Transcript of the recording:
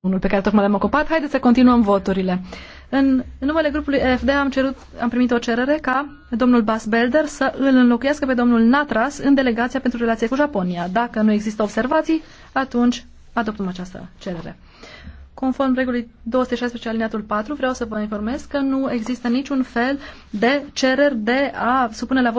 unul pe care tocmai l-am ocupat. Haideți să continuăm voturile. În, în numele grupului EFD am, cerut, am primit o cerere ca domnul Bas Belder să îl înlocuiască pe domnul Natras în delegația pentru relație cu Japonia. Dacă nu există observații, atunci adoptăm această cerere. Conform regulii 216 alineatul 4, vreau să vă informez că nu există niciun fel de cereri de a supune la vot